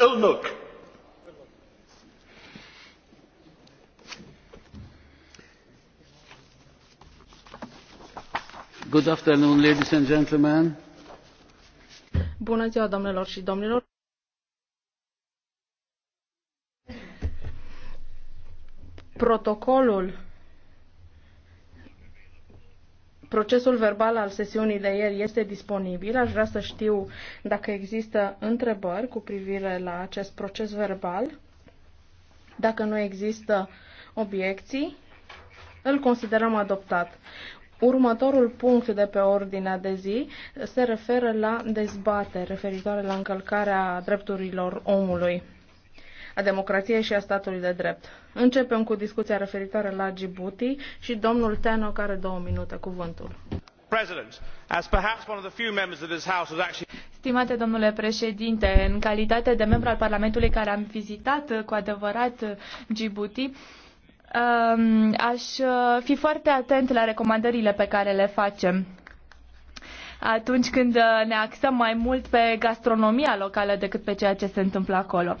Elnök! Good afternoon, ladies and gentlemen. Bună ziua, domnilor și domnilor. Protocolul Procesul verbal al sesiunii de ieri este disponibil. Aș vrea să știu dacă există întrebări cu privire la acest proces verbal. Dacă nu există obiecții, îl considerăm adoptat. Următorul punct de pe ordinea de zi se referă la dezbatere referitoare la încălcarea drepturilor omului a democrației și a statului de drept. Începem cu discuția referitoare la Djibouti și domnul Teno care două minute cuvântul. Stimate domnule președinte, în calitate de membru al Parlamentului care am vizitat cu adevărat Djibouti, um, aș uh, fi foarte atent la recomandările pe care le facem atunci când uh, ne axăm mai mult pe gastronomia locală decât pe ceea ce se întâmplă acolo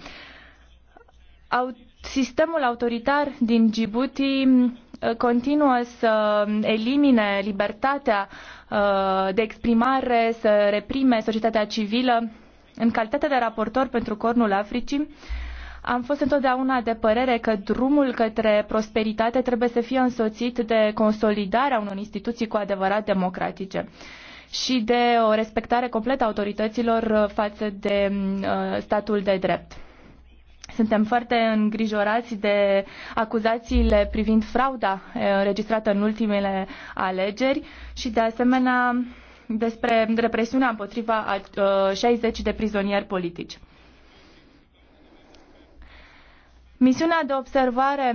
sistemul autoritar din Djibouti uh, continuă să elimine libertatea uh, de exprimare, să reprime societatea civilă. În calitate de raportor pentru Cornul Africii, am fost întotdeauna de părere că drumul către prosperitate trebuie să fie însoțit de consolidarea unor instituții cu adevărat democratice și de o respectare completă a autorităților uh, față de statul de drept. Suntem foarte îngrijorați de acuzațiile privind frauda eh, înregistrată în ultimele alegeri și, de asemenea, despre represiunea împotriva a 60 eh, de prizonieri politici. Misiunea de observare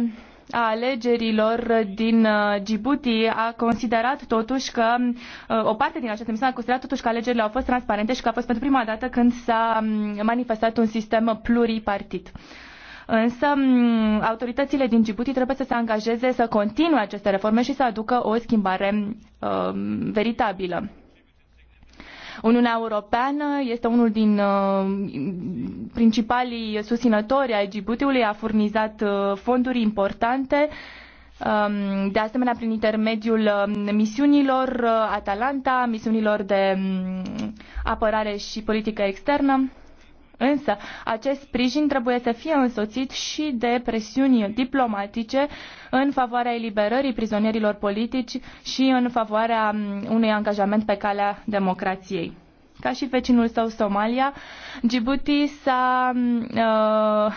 a alegerilor din uh, Djibouti a considerat totuși că uh, o parte din această misiune a considerat totuși că alegerile au fost transparente și că a fost pentru prima dată când s-a um, manifestat un sistem pluripartit. Însă um, autoritățile din Djibouti trebuie să se angajeze să continue aceste reforme și să aducă o schimbare uh, veritabilă. Uniunea Europeană este unul din uh, principalii susținători ai Djiboutiului, a furnizat uh, fonduri importante um, de asemenea prin intermediul um, misiunilor uh, Atalanta, misiunilor de mm, apărare și politică externă. Însă, acest sprijin trebuie să fie însoțit și de presiuni diplomatice în favoarea eliberării prizonierilor politici și în favoarea unui angajament pe calea democrației. Ca și vecinul său Somalia, Djibouti s-a uh,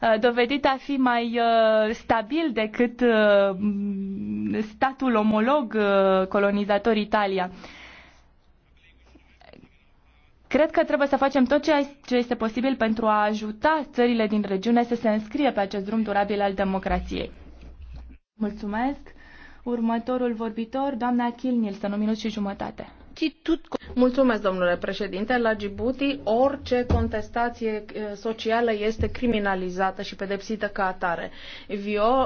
uh, dovedit a fi mai uh, stabil decât uh, statul omolog colonizator Italia. Cred că trebuie să facem tot ce este posibil pentru a ajuta țările din regiune să se înscrie pe acest drum durabil al democrației. Mulțumesc. Următorul vorbitor, doamna Kilnil, să nu minut și jumătate. Mulțumesc, domnule președinte. La Djibouti, orice contestație eh, socială este criminalizată și pedepsită ca atare.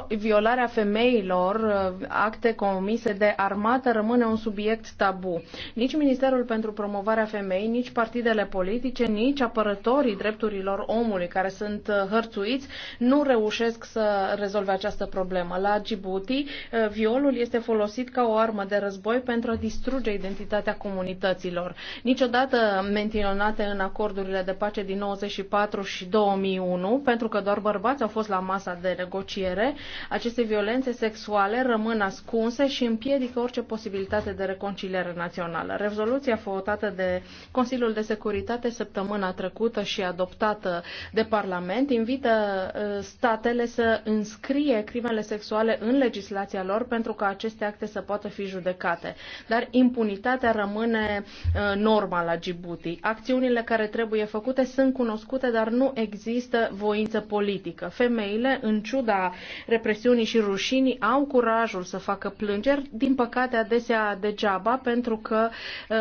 violarea femeilor, eh, acte comise de armată, rămâne un subiect tabu. Nici Ministerul pentru Promovarea Femei, nici partidele politice, nici apărătorii drepturilor omului care sunt eh, hărțuiți nu reușesc să rezolve această problemă. La Djibouti, violul este folosit ca o armă de război pentru a distruge identitatea comunității părților, niciodată menționate în acordurile de pace din 94 și 2001, pentru că doar bărbați au fost la masa de negociere, aceste violențe sexuale rămân ascunse și împiedică orice posibilitate de reconciliere națională. Rezoluția votată de Consiliul de Securitate săptămâna trecută și adoptată de Parlament invită ă, statele să înscrie crimele sexuale în legislația lor pentru ca aceste acte să poată fi judecate. Dar impunitatea rămâne Uh, norma la Djibouti. Acțiunile care trebuie făcute sunt cunoscute, dar nu există voință politică. Femeile, în ciuda represiunii și rușinii, au curajul să facă plângeri, din păcate adesea degeaba, pentru că uh,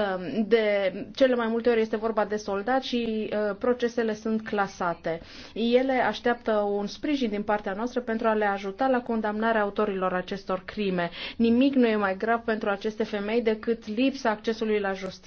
de cele mai multe ori este vorba de soldați și uh, procesele sunt clasate. Ele așteaptă un sprijin din partea noastră pentru a le ajuta la condamnarea autorilor acestor crime. Nimic nu e mai grav pentru aceste femei decât lipsa accesului la justiție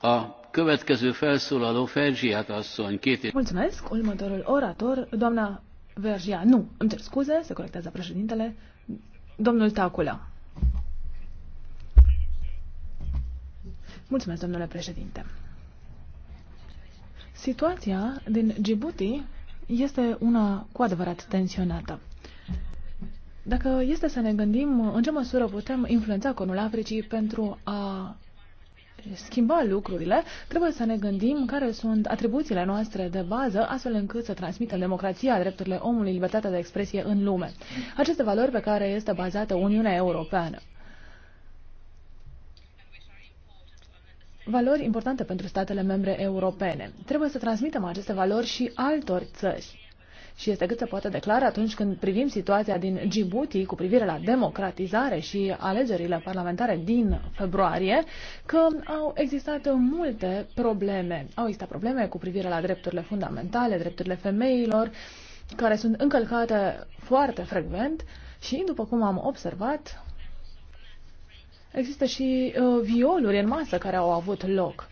A Mulțumesc. Următorul orator, doamna Vergia. Nu, îmi cer scuze, se corectează președintele. Domnul Tacula. Mulțumesc, domnule președinte. Situația din Djibouti este una cu adevărat tensionată. Dacă este să ne gândim în ce măsură putem influența conul Africii pentru a schimba lucrurile, trebuie să ne gândim care sunt atribuțiile noastre de bază, astfel încât să transmitem democrația, drepturile omului, libertatea de expresie în lume. Aceste valori pe care este bazată Uniunea Europeană. Valori importante pentru statele membre europene. Trebuie să transmitem aceste valori și altor țări și este cât se poate declara atunci când privim situația din Djibouti cu privire la democratizare și alegerile parlamentare din februarie, că au existat multe probleme. Au existat probleme cu privire la drepturile fundamentale, drepturile femeilor, care sunt încălcate foarte frecvent și, după cum am observat, există și uh, violuri în masă care au avut loc.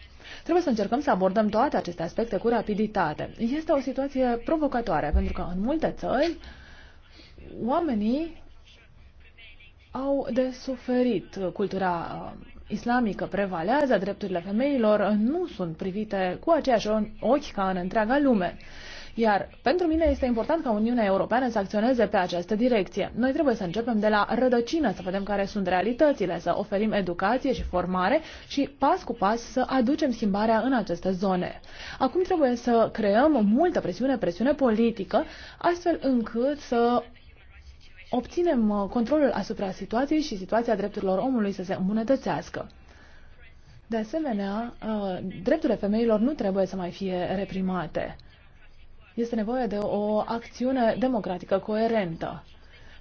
Trebuie să încercăm să abordăm toate aceste aspecte cu rapiditate. Este o situație provocatoare, pentru că în multe țări oamenii au de suferit. Cultura uh, islamică prevalează, drepturile femeilor nu sunt privite cu aceeași ochi ca în întreaga lume. Iar pentru mine este important ca Uniunea Europeană să acționeze pe această direcție. Noi trebuie să începem de la rădăcină, să vedem care sunt realitățile, să oferim educație și formare și pas cu pas să aducem schimbarea în aceste zone. Acum trebuie să creăm multă presiune, presiune politică, astfel încât să obținem uh, controlul asupra situației și situația drepturilor omului să se îmbunătățească. De asemenea, uh, drepturile femeilor nu trebuie să mai fie reprimate. Este nevoie de o acțiune democratică coerentă.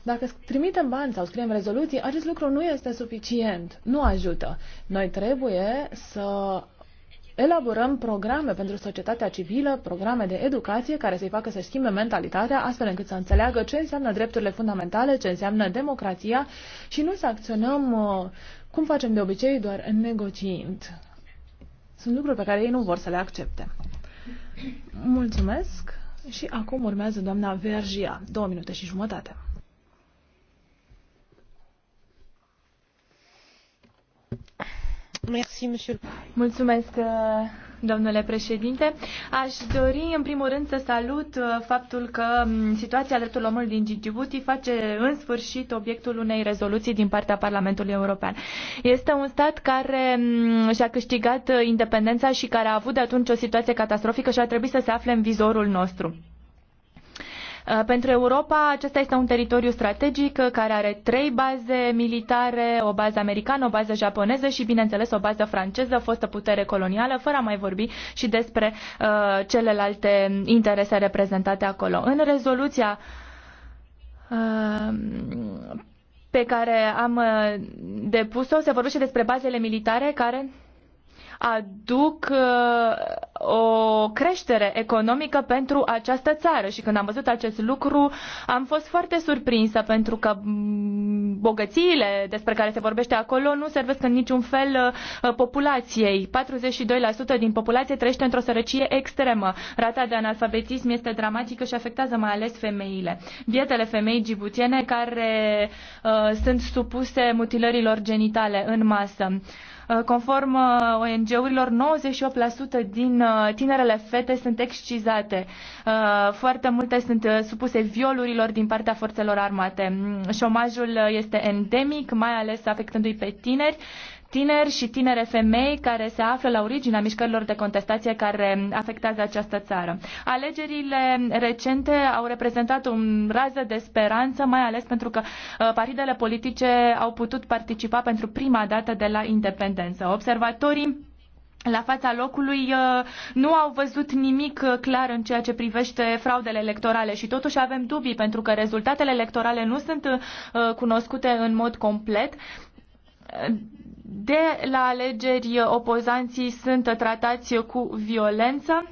Dacă trimitem bani sau scriem rezoluții, acest lucru nu este suficient, nu ajută. Noi trebuie să elaborăm programe pentru societatea civilă, programe de educație care să-i facă să schimbe mentalitatea astfel încât să înțeleagă ce înseamnă drepturile fundamentale, ce înseamnă democrația și nu să acționăm uh, cum facem de obicei doar negociind. Sunt lucruri pe care ei nu vor să le accepte. Mulțumesc! Și acum urmează doamna Vergia, două minute și jumătate. Mulțumesc, domnule președinte. Aș dori, în primul rând, să salut uh, faptul că mm, situația drepturilor omului din Djibouti face, în sfârșit, obiectul unei rezoluții din partea Parlamentului European. Este un stat care mm, și-a câștigat uh, independența și care a avut de atunci o situație catastrofică și a trebuit să se afle în vizorul nostru. Uh, pentru Europa acesta este un teritoriu strategic uh, care are trei baze militare, o bază americană, o bază japoneză și, bineînțeles, o bază franceză, fostă putere colonială, fără a mai vorbi și despre uh, celelalte interese reprezentate acolo. În rezoluția pe care am depus-o se vorbește despre bazele militare care aduc uh, o creștere economică pentru această țară. Și când am văzut acest lucru, am fost foarte surprinsă pentru că bogățiile despre care se vorbește acolo nu servesc în niciun fel uh, populației. 42% din populație trăiește într-o sărăcie extremă. Rata de analfabetism este dramatică și afectează mai ales femeile. Bietele femei gibutiene care uh, sunt supuse mutilărilor genitale în masă. Uh, Uh, conform uh, ONG-urilor, 98% din uh, tinerele fete sunt excizate. Foarte multe sunt supuse violurilor din partea forțelor armate. Mm, șomajul este endemic, mai ales afectându-i pe tineri tineri și tinere femei care se află la originea mișcărilor de contestație care afectează această țară. Alegerile recente au reprezentat un rază de speranță, mai ales pentru că uh, partidele politice au putut participa pentru prima dată de la independență. Observatorii la fața locului uh, nu au văzut nimic uh, clar în ceea ce privește fraudele electorale și totuși avem dubii pentru că rezultatele electorale nu sunt cunoscute în mod complet de la alegeri, opozanții sunt tratați cu violență.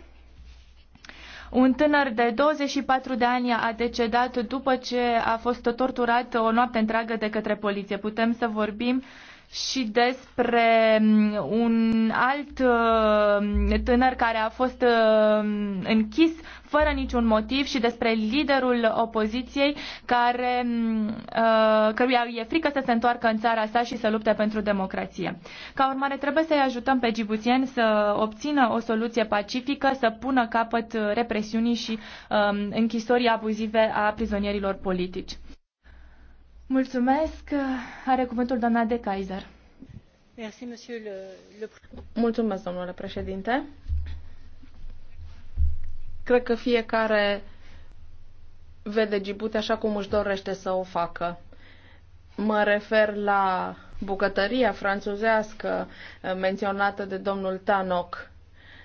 Un tânăr de 24 de ani a decedat după ce a fost torturat o noapte întreagă de către poliție. Putem să vorbim și despre mm, un alt mm, tânăr care a fost mm, închis fără niciun motiv și despre liderul opoziției care, uh, căruia e frică să se întoarcă în țara sa și să lupte pentru democrație. Ca urmare, trebuie să-i ajutăm pe gibuțieni să obțină o soluție pacifică, să pună capăt represiunii și um, închisorii abuzive a prizonierilor politici. Mulțumesc. Are cuvântul doamna de Kaiser. Mulțumesc, domnule președinte. Cred că fiecare vede Djibouti așa cum își dorește să o facă. Mă refer la bucătăria franțuzească eh, menționată de domnul Tanoc.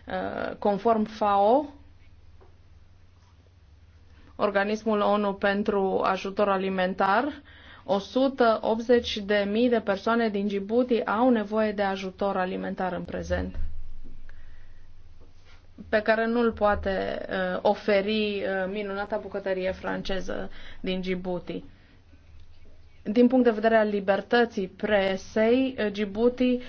Eh, conform FAO, organismul ONU pentru ajutor alimentar, 180.000 de mii de persoane din Djibouti au nevoie de ajutor alimentar în prezent pe care nu-l poate uh, oferi uh, minunata bucătărie franceză din Djibouti. Din punct de vedere al libertății presei, eh, Djibouti uh,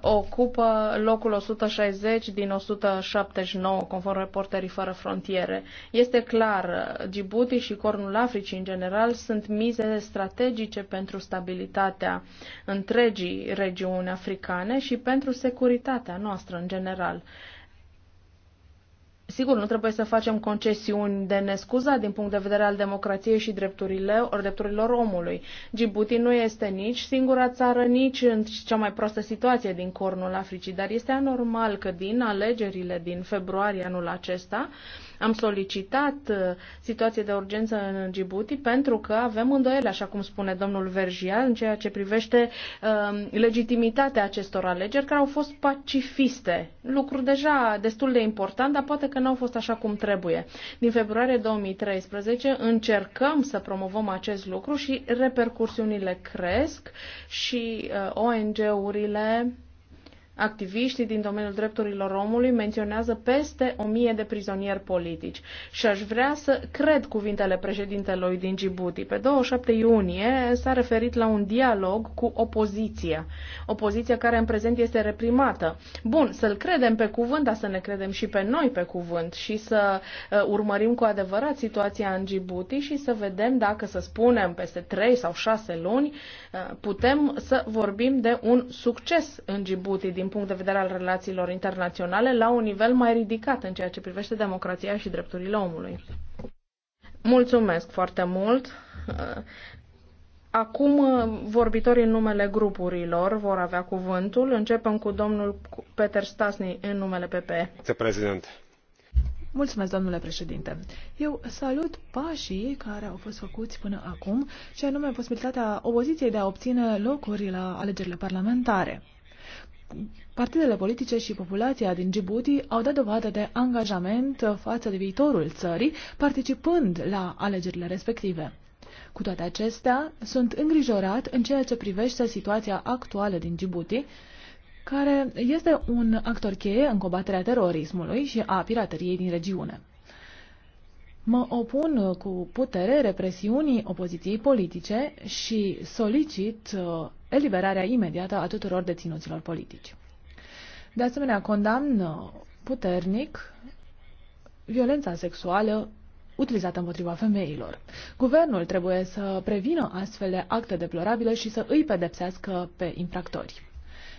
ocupă locul 160 din 179, conform Reporterii Fără Frontiere. Este clar, eh, Djibouti și Cornul Africii în general sunt mize strategice pentru stabilitatea întregii regiuni africane și pentru securitatea noastră în general. Sigur, nu trebuie să facem concesiuni de nescuza din punct de vedere al democrației și drepturilor, drepturilor omului. Djibouti nu este nici singura țară, nici în cea mai proastă situație din cornul Africii, dar este anormal că din alegerile din februarie anul acesta am solicitat uh, situație de urgență în Djibouti pentru că avem îndoiele, așa cum spune domnul Vergia, în ceea ce privește uh, legitimitatea acestor alegeri care au fost pacifiste. Lucru deja destul de important, dar poate că nu au fost așa cum trebuie. Din februarie 2013 încercăm să promovăm acest lucru și repercursiunile cresc și uh, ONG-urile Activiștii din domeniul drepturilor omului menționează peste o mie de prizonieri politici și aș vrea să cred cuvintele președintelui din Djibouti. Pe 27 iunie s-a referit la un dialog cu opoziția, opoziția care în prezent este reprimată. Bun, să-l credem pe cuvânt, dar să ne credem și pe noi pe cuvânt și să uh, urmărim cu adevărat situația în Djibouti și să vedem dacă, să spunem, peste 3 sau 6 luni uh, putem să vorbim de un succes în Djibouti din din punct de vedere al relațiilor internaționale la un nivel mai ridicat în ceea ce privește democrația și drepturile omului. Mulțumesc foarte mult! Acum vorbitorii în numele grupurilor vor avea cuvântul. Începem cu domnul Peter Stasny în numele PPE. Vicepreședinte. Mulțumesc, domnule președinte. Eu salut pașii care au fost făcuți până acum, și anume posibilitatea opoziției de a obține locuri la alegerile parlamentare partidele politice și populația din Djibouti au dat dovadă de angajament față de viitorul țării, participând la alegerile respective. Cu toate acestea, sunt îngrijorat în ceea ce privește situația actuală din Djibouti, care este un actor cheie în combaterea terorismului și a pirateriei din regiune. Mă opun cu putere represiunii opoziției politice și solicit uh, eliberarea imediată a tuturor deținuților politici. De asemenea, condamnă puternic violența sexuală utilizată împotriva femeilor. Guvernul trebuie să prevină astfel de acte deplorabile și să îi pedepsească pe infractori.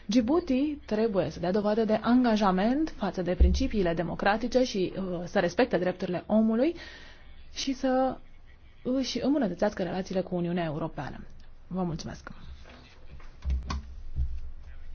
Djibouti trebuie să dea dovadă de angajament față de principiile democratice și uh, să respecte drepturile omului și să își îmbunătățească relațiile cu Uniunea Europeană. Vă mulțumesc!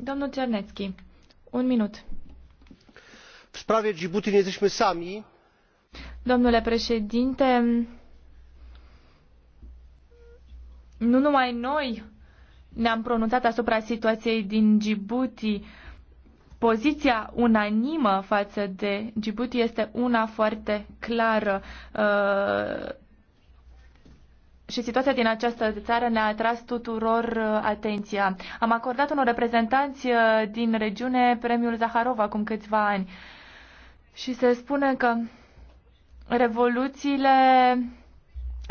Domnul Cernetski, un minut. W sprawie Djibouti nie jesteśmy sami. Domnule președinte, nu numai noi ne-am pronunțat asupra situației din Djibouti. Poziția unanimă față de Djibouti este una foarte clară. Uh, și situația din această țară ne-a atras tuturor uh, atenția. Am acordat unor reprezentanți uh, din regiune premiul Zaharov acum câțiva ani și se spune că revoluțiile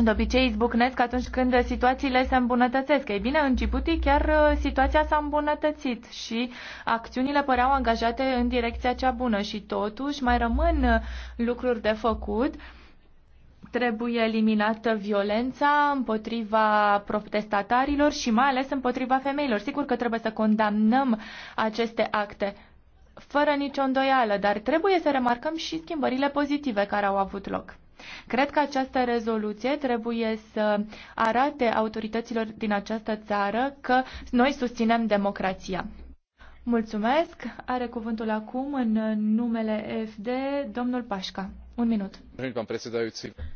de obicei izbucnesc atunci când situațiile se îmbunătățesc. Ei bine, în Djibouti chiar uh, situația s-a îmbunătățit și acțiunile păreau angajate în direcția cea bună și totuși mai rămân lucruri de făcut Trebuie eliminată violența împotriva protestatarilor și mai ales împotriva femeilor. Sigur că trebuie să condamnăm aceste acte, fără nicio îndoială, dar trebuie să remarcăm și schimbările pozitive care au avut loc. Cred că această rezoluție trebuie să arate autorităților din această țară că noi susținem democrația. Mulțumesc. Are cuvântul acum în numele FD domnul Pașca. Un minut.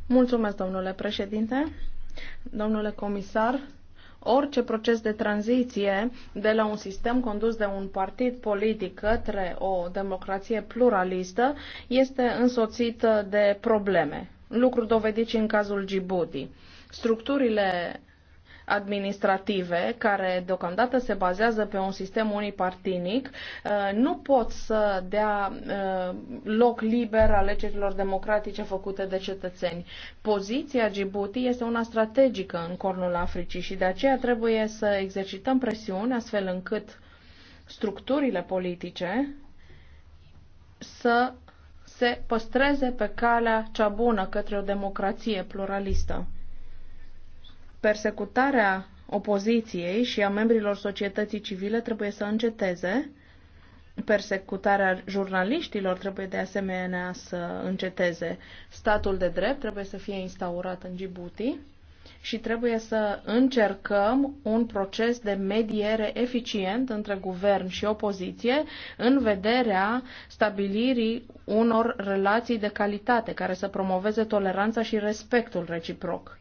Mulțumesc, domnule președinte. Domnule comisar, orice proces de tranziție de la un sistem condus de un partid politic către o democrație pluralistă este însoțit de probleme. Lucru dovedit și în cazul Djibouti. Structurile administrative, care deocamdată se bazează pe un sistem unipartinic, uh, nu pot să dea uh, loc liber alegerilor democratice făcute de cetățeni. Poziția Djibouti este una strategică în cornul Africii și de aceea trebuie să exercităm presiuni astfel încât structurile politice să se păstreze pe calea cea bună către o democrație pluralistă. Persecutarea opoziției și a membrilor societății civile trebuie să înceteze. Persecutarea jurnaliștilor trebuie de asemenea să înceteze. Statul de drept trebuie să fie instaurat în Djibouti și trebuie să încercăm un proces de mediere eficient între guvern și opoziție în vederea stabilirii unor relații de calitate care să promoveze toleranța și respectul reciproc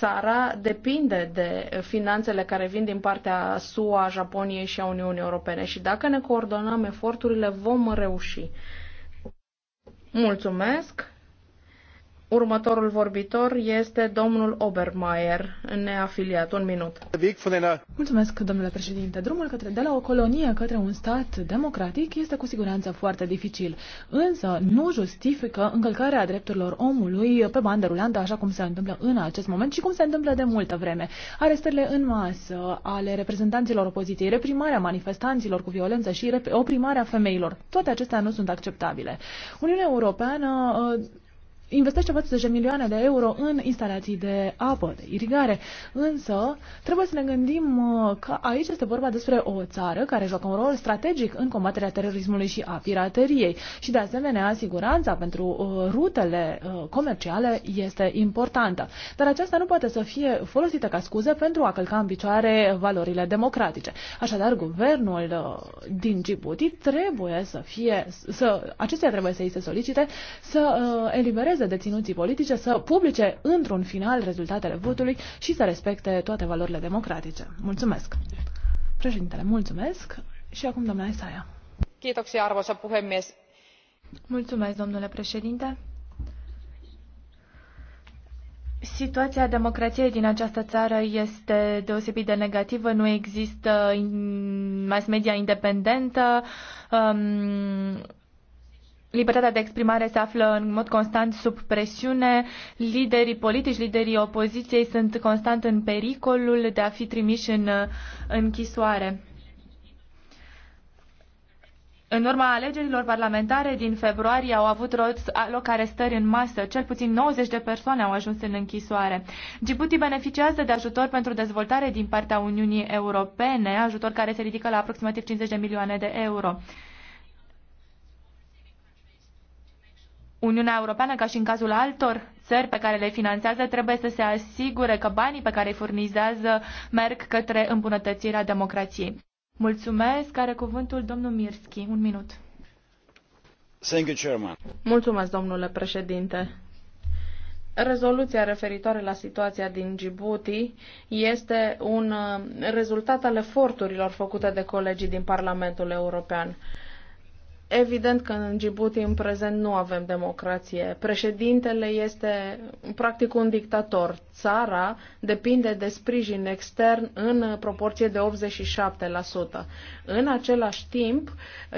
țara depinde de finanțele care vin din partea SUA, Japoniei și a Uniunii Europene și dacă ne coordonăm eforturile vom reuși. Mulțumesc! Următorul vorbitor este domnul Obermeier, neafiliat. Un minut. Mulțumesc, domnule președinte. Drumul către, de la o colonie către un stat democratic este cu siguranță foarte dificil, însă nu justifică încălcarea drepturilor omului pe bandă rulantă, așa cum se întâmplă în acest moment și cum se întâmplă de multă vreme. Arestările în masă ale reprezentanților opoziției, reprimarea manifestanților cu violență și oprimarea femeilor, toate acestea nu sunt acceptabile. Uniunea Europeană investește 40 de milioane de euro în instalații de apă, de irigare. Însă, trebuie să ne gândim uh, că aici este vorba despre o țară care joacă un rol strategic în combaterea terorismului și a pirateriei. Și, de asemenea, siguranța pentru uh, rutele uh, comerciale este importantă. Dar aceasta nu poate să fie folosită ca scuză pentru a călca în picioare valorile democratice. Așadar, guvernul din Djibouti trebuie să fie, să, acestea trebuie să îi se solicite să elibereze încurajeze deținuții politice să publice într-un final rezultatele votului și să respecte toate valorile democratice. Mulțumesc! Președintele, mulțumesc! Și acum domnule Isaia. Kiitoksia, arvoisa puhemies. Mulțumesc, domnule președinte. Situația democrației din această țară este deosebit de negativă, nu există mass media independentă, um, Libertatea de exprimare se află în mod constant sub presiune, liderii politici, liderii opoziției sunt constant în pericolul de a fi trimiși în uh, închisoare. În urma alegerilor parlamentare din februarie au avut loc arestări în masă. Cel puțin 90 de persoane au ajuns în închisoare. Djibouti beneficiază de ajutor pentru dezvoltare din partea Uniunii Europene, ajutor care se ridică la aproximativ 50 de milioane de euro. Uniunea Europeană, ca și în cazul altor țări pe care le finanțează, trebuie să se asigure că banii pe care îi furnizează merg către îmbunătățirea democrației. Mulțumesc. Are cuvântul domnul Mirski. Un minut. Thank you, Chairman. Mulțumesc, domnule președinte. Rezoluția referitoare la situația din Djibouti este un uh, rezultat al eforturilor făcute de colegii din Parlamentul European. Evident că în Djibouti în prezent nu avem democrație. Președintele este practic un dictator. Țara depinde de sprijin extern în proporție de 87%. În același timp,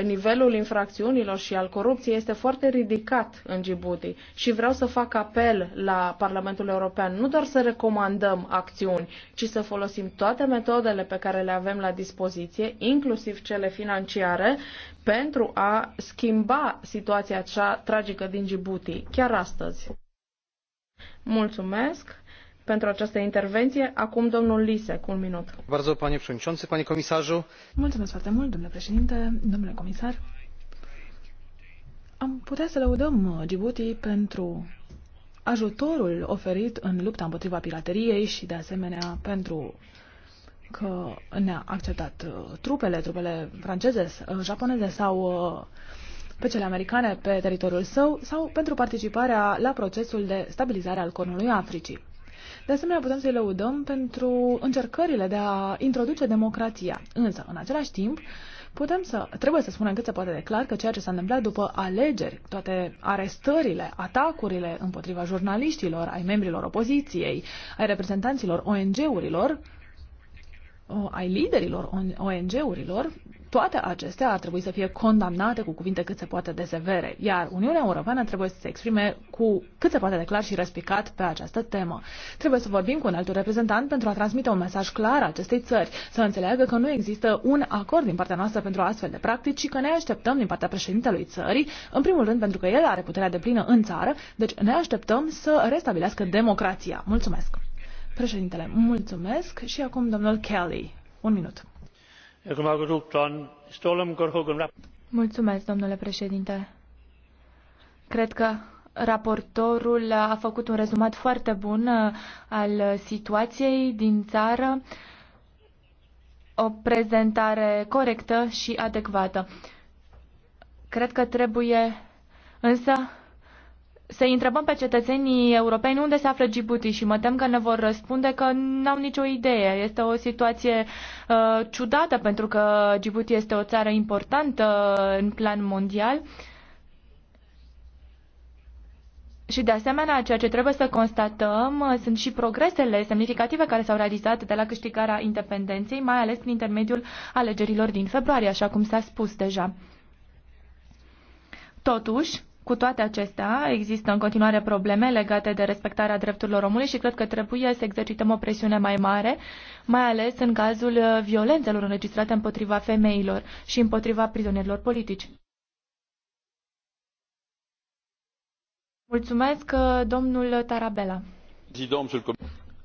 nivelul infracțiunilor și al corupției este foarte ridicat în Djibouti și vreau să fac apel la Parlamentul European nu doar să recomandăm acțiuni, ci să folosim toate metodele pe care le avem la dispoziție, inclusiv cele financiare, pentru a schimba situația cea tragică din Djibouti, chiar astăzi. Mulțumesc pentru această intervenție. Acum domnul Lise, cu un minut. Bardzo, panie Mulțumesc foarte mult, domnule președinte, domnule comisar. Am putea să lăudăm uh, Djibouti pentru ajutorul oferit în lupta împotriva pirateriei și, de asemenea, pentru că ne-a acceptat uh, trupele, trupele franceze, uh, japoneze sau uh, pe cele americane pe teritoriul său sau pentru participarea la procesul de stabilizare al cornului Africii. De asemenea, putem să-i lăudăm pentru încercările de a introduce democrația. Însă, în același timp, putem să, trebuie să spunem cât se poate de clar că ceea ce s-a întâmplat după alegeri, toate arestările, atacurile împotriva jurnaliștilor, ai membrilor opoziției, ai reprezentanților ONG-urilor, ai liderilor ONG-urilor, toate acestea ar trebui să fie condamnate cu cuvinte cât se poate de severe, iar Uniunea Europeană trebuie să se exprime cu cât se poate de clar și răspicat pe această temă. Trebuie să vorbim cu un alt reprezentant pentru a transmite un mesaj clar acestei țări, să înțeleagă că nu există un acord din partea noastră pentru astfel de practici și că ne așteptăm din partea președintelui țării, în primul rând pentru că el are puterea de plină în țară, deci ne așteptăm să restabilească democrația. Mulțumesc! Președintele, mulțumesc și acum domnul Kelly. Un minut. Mulțumesc, domnule președinte. Cred că raportorul a făcut un rezumat foarte bun uh, al situației din țară, o prezentare corectă și adecvată. Cred că trebuie însă să întrebăm pe cetățenii europeni unde se află Djibouti și mă tem că ne vor răspunde că n-au nicio idee. Este o situație uh, ciudată pentru că Djibouti este o țară importantă uh, în plan mondial. Și de asemenea, ceea ce trebuie să constatăm uh, sunt și progresele semnificative care s-au realizat de la câștigarea independenței, mai ales prin intermediul alegerilor din februarie, așa cum s-a spus deja. Totuși, cu toate acestea, există în continuare probleme legate de respectarea drepturilor omului și cred că trebuie să exercităm o presiune mai mare, mai ales în cazul uh, violențelor înregistrate împotriva femeilor și împotriva prizonierilor politici. Mulțumesc, uh, domnul Tarabella.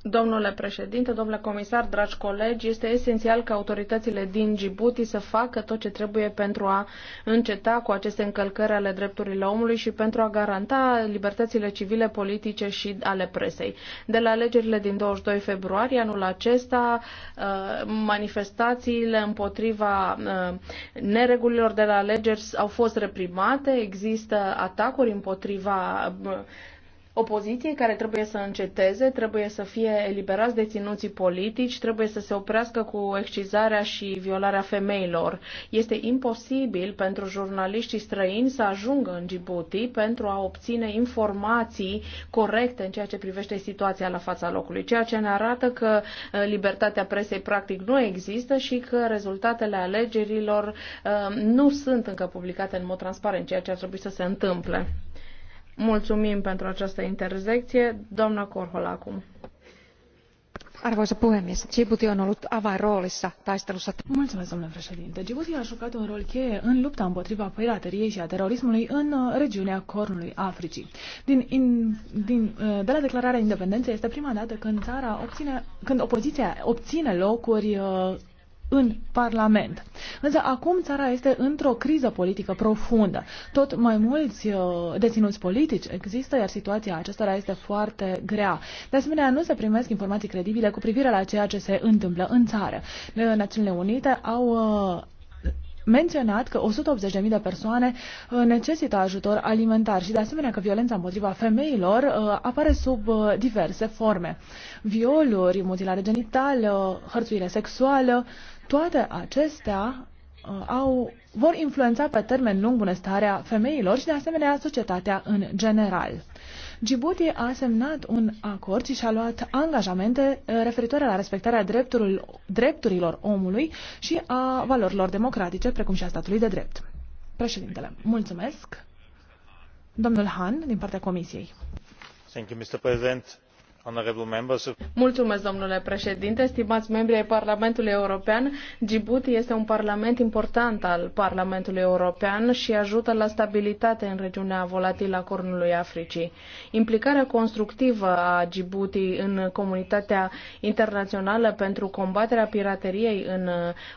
Domnule președinte, domnule comisar, dragi colegi, este esențial ca autoritățile din Djibouti să facă tot ce trebuie pentru a înceta cu aceste încălcări ale drepturilor omului și pentru a garanta libertățile civile, politice și ale presei. De la alegerile din 22 februarie anul acesta, uh, manifestațiile împotriva uh, neregulilor de la alegeri au fost reprimate, există atacuri împotriva uh, opoziției care trebuie să înceteze, trebuie să fie eliberați ținuții politici, trebuie să se oprească cu excizarea și violarea femeilor. Este imposibil pentru jurnaliștii străini să ajungă în Djibouti pentru a obține informații corecte în ceea ce privește situația la fața locului, ceea ce ne arată că uh, libertatea presei practic nu există și că rezultatele alegerilor uh, nu sunt încă publicate în mod transparent, ceea ce ar trebui să se întâmple. Mulțumim pentru această interzecție. Doamna Corhol acum. Arvoisa puhemies, Djibouti on ollut avainroolissa taistelussa. Mulțumesc, domnule președinte. Djibouti a jucat un rol cheie în lupta împotriva pirateriei și a terorismului în uh, regiunea Cornului Africii. Din, in, din, uh, de la declararea independenței este prima dată când țara obține, când opoziția obține locuri uh, în Parlament. Însă acum țara este într-o criză politică profundă. Tot mai mulți uh, deținuți politici există, iar situația acestora este foarte grea. De asemenea, nu se primesc informații credibile cu privire la ceea ce se întâmplă în țară. Națiunile Unite au uh, menționat că 180.000 de persoane uh, necesită ajutor alimentar și de asemenea că violența împotriva femeilor apare sub diverse forme. Violuri, mutilare genitală, hărțuire sexuală toate acestea uh, au, vor influența pe termen lung bunăstarea femeilor și, de asemenea, societatea în general. Djibouti a semnat un acord și și-a luat angajamente uh, referitoare la respectarea drepturilor omului și a valorilor democratice, precum și a statului de drept. Președintele, mulțumesc. Domnul Han, din partea Comisiei. Thank you, Mr. President. Mulțumesc, domnule președinte, stimați membri ai Parlamentului European. Djibouti este un parlament important al Parlamentului European și ajută la stabilitate în regiunea volatilă a Cornului Africii. Implicarea constructivă a Djibouti în comunitatea internațională pentru combaterea pirateriei în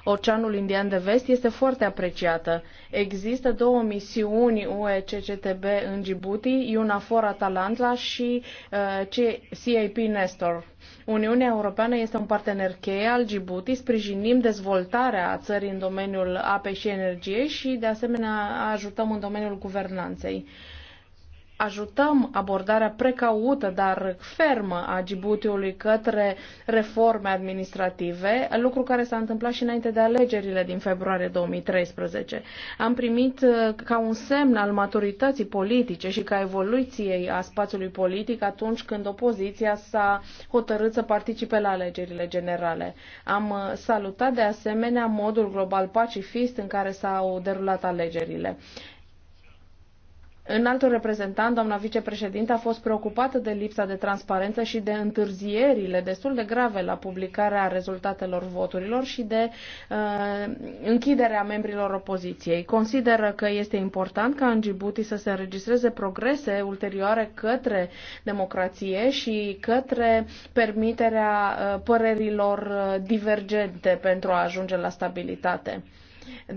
Oceanul Indian de Vest este foarte apreciată. Există două misiuni UE CCTB în Djibouti, UNAFOR Atalanta și uh, JP Nestor. Uniunea Europeană este un partener cheie al Djibouti, sprijinim dezvoltarea țării în domeniul apei și energiei și, de asemenea, ajutăm în domeniul guvernanței ajutăm abordarea precaută, dar fermă a Djiboutiului către reforme administrative, lucru care s-a întâmplat și înainte de alegerile din februarie 2013. Am primit uh, ca un semn al maturității politice și ca evoluției a spațiului politic atunci când opoziția s-a hotărât să participe la alegerile generale. Am uh, salutat de asemenea modul global pacifist în care s-au derulat alegerile. Înaltul reprezentant, doamna vicepreședintă a fost preocupată de lipsa de transparență și de întârzierile destul de grave la publicarea rezultatelor voturilor și de uh, închiderea membrilor opoziției. Consideră că este important ca în Djibouti să se înregistreze progrese ulterioare către democrație și către permiterea uh, părerilor uh, divergente pentru a ajunge la stabilitate.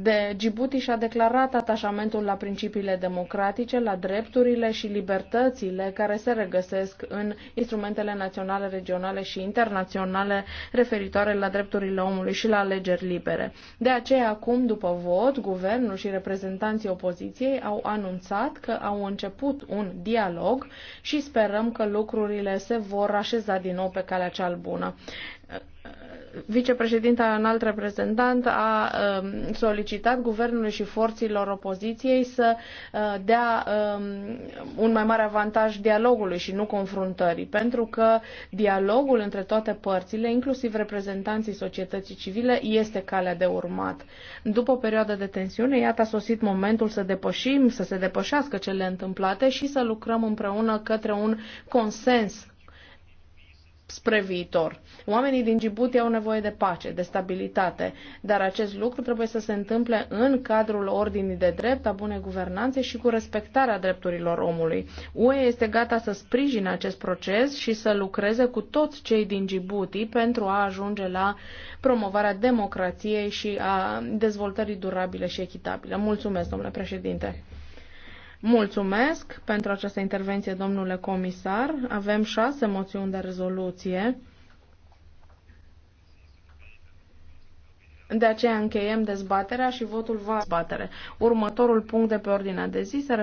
De Djibouti și-a declarat atașamentul la principiile democratice, la drepturile și libertățile care se regăsesc în instrumentele naționale, regionale și internaționale referitoare la drepturile omului și la alegeri libere. De aceea, acum, după vot, guvernul și reprezentanții opoziției au anunțat că au început un dialog și sperăm că lucrurile se vor așeza din nou pe calea cea bună vicepreședinta înalt reprezentant a um, solicitat guvernului și forțelor opoziției să uh, dea um, un mai mare avantaj dialogului și nu confruntării, pentru că dialogul între toate părțile, inclusiv reprezentanții societății civile, este calea de urmat. După o perioadă de tensiune, iată a sosit momentul să depășim, să se depășească cele întâmplate și să lucrăm împreună către un consens spre viitor. Oamenii din Djibouti au nevoie de pace, de stabilitate, dar acest lucru trebuie să se întâmple în cadrul ordinii de drept, a bunei guvernanțe și cu respectarea drepturilor omului. UE este gata să sprijine acest proces și să lucreze cu toți cei din Djibouti pentru a ajunge la promovarea democrației și a dezvoltării durabile și echitabile. Mulțumesc, domnule președinte. Mulțumesc pentru această intervenție, domnule comisar. Avem șase moțiuni de rezoluție. De aceea încheiem dezbaterea și votul va dezbatere. Următorul punct de pe ordinea de zi se referă